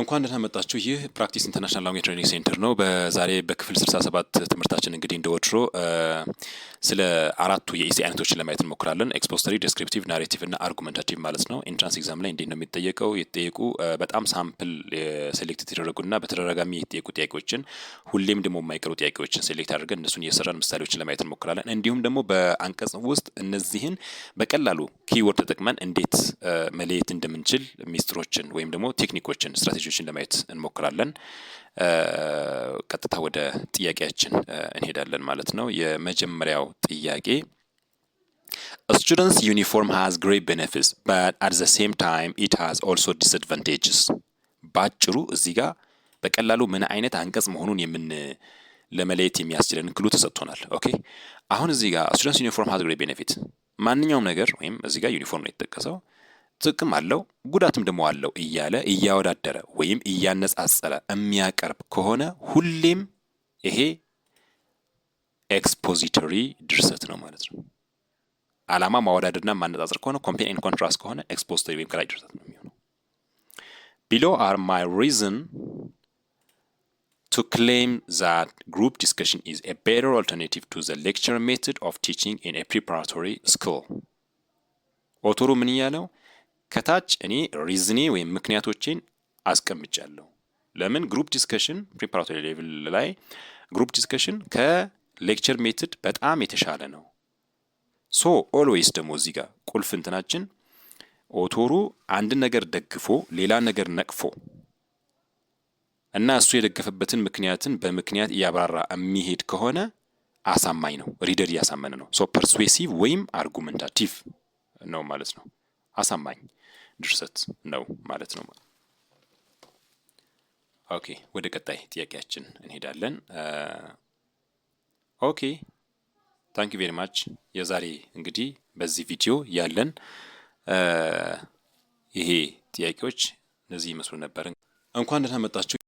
እንኳን ደህና መጣችሁ። ይህ ፕራክቲስ ኢንተርናሽናል ላንጉዌጅ ትሬኒንግ ሴንተር ነው። በዛሬ በክፍል 67 ትምህርታችን እንግዲህ እንደወትሮ ስለ አራቱ የኢሲ አይነቶችን ለማየት እንሞክራለን። ኤክስፖስተሪ፣ ዲስክሪፕቲቭ፣ ናሬቲቭ እና አርጉመንታቲቭ ማለት ነው። ኢንትራንስ ኤግዛም ላይ እንዴት ነው የሚጠየቀው? የተጠየቁ በጣም ሳምፕል ሴሌክት የተደረጉና በተደጋጋሚ የተጠየቁ ጥያቄዎችን ሁሌም ደግሞ የማይቀሩ ጥያቄዎችን ሴሌክት አድርገን እነሱን እየሰራን ምሳሌዎችን ለማየት እንሞክራለን። እንዲሁም ደግሞ በአንቀጽ ውስጥ እነዚህን በቀላሉ ኪወርድ ተጠቅመን እንዴት መለየት እንደምንችል ሚስጥሮችን ወይም ደግሞ ቴክኒኮችን ስትራቴጂ ልጆችን ለማየት እንሞክራለን። ቀጥታ ወደ ጥያቄያችን እንሄዳለን ማለት ነው። የመጀመሪያው ጥያቄ ስቱደንትስ ዩኒፎርም ሃዝ ግሬት ቤኔፊትስ በት አት ዘ ሴም ታይም ኢት ሃዝ ኦልሶ ዲስአድቫንቴጅስ። ባጭሩ እዚህ ጋር በቀላሉ ምን አይነት አንቀጽ መሆኑን የምን ለመለየት የሚያስችለን ክሉ ተሰጥቶናል። ኦኬ አሁን እዚህ ጋር ስቱደንትስ ዩኒፎርም ሃዝ ግሬት ቤኔፊት ማንኛውም ነገር ወይም እዚህ ጋር ዩኒፎርም ነው የተጠቀሰው ጥቅም አለው ጉዳትም ደግሞ አለው እያለ እያወዳደረ ወይም እያነጻጸረ የሚያቀርብ ከሆነ ሁሌም ይሄ ኤክስፖዚቶሪ ድርሰት ነው ማለት ነው። አላማ ማወዳደርና ማነጻጸር ከሆነ ኮምፔር ኤንድ ኮንትራስት ከሆነ ኤክስፖዚቶሪ ወይም ከላይ ድርሰት ነው የሚሆነው። ቢሎ አር ማይ ሪዝን ቱ ክሌም ዛት ግሩፕ ዲስከሽን ኢዝ ኤ ቤተር አልተርናቲቭ ቱ ዘ ሌክቸር ሜቶድ ኦፍ ቲችንግ ኢን ኤ ፕሪፓራቶሪ ስኩል ኦቶሩ ምን እያለው ከታች እኔ ሪዝኔ ወይም ምክንያቶቼን አስቀምጫለሁ። ለምን ግሩፕ ዲስከሽን ፕሪፓራቶሪ ሌቭል ላይ ግሩፕ ዲስከሽን ከሌክቸር ሜትድ በጣም የተሻለ ነው። ሶ ኦልዌይስ ደግሞ እዚህ ጋር ቁልፍ እንትናችን ኦቶሩ አንድን ነገር ደግፎ ሌላ ነገር ነቅፎ እና እሱ የደገፈበትን ምክንያትን በምክንያት እያብራራ የሚሄድ ከሆነ አሳማኝ ነው፣ ሪደር እያሳመነ ነው። ሶ ፐርስዌሲቭ ወይም አርጉመንታቲቭ ነው ማለት ነው። አሳማኝ ድርሰት ነው ማለት ነው። ኦኬ ወደ ቀጣይ ጥያቄያችን እንሄዳለን። ኦኬ ታንክ ዩ ቬሪ ማች። የዛሬ እንግዲህ በዚህ ቪዲዮ ያለን ይሄ ጥያቄዎች እነዚህ ይመስሉ ነበር። እንኳን ደህና መጣችሁ።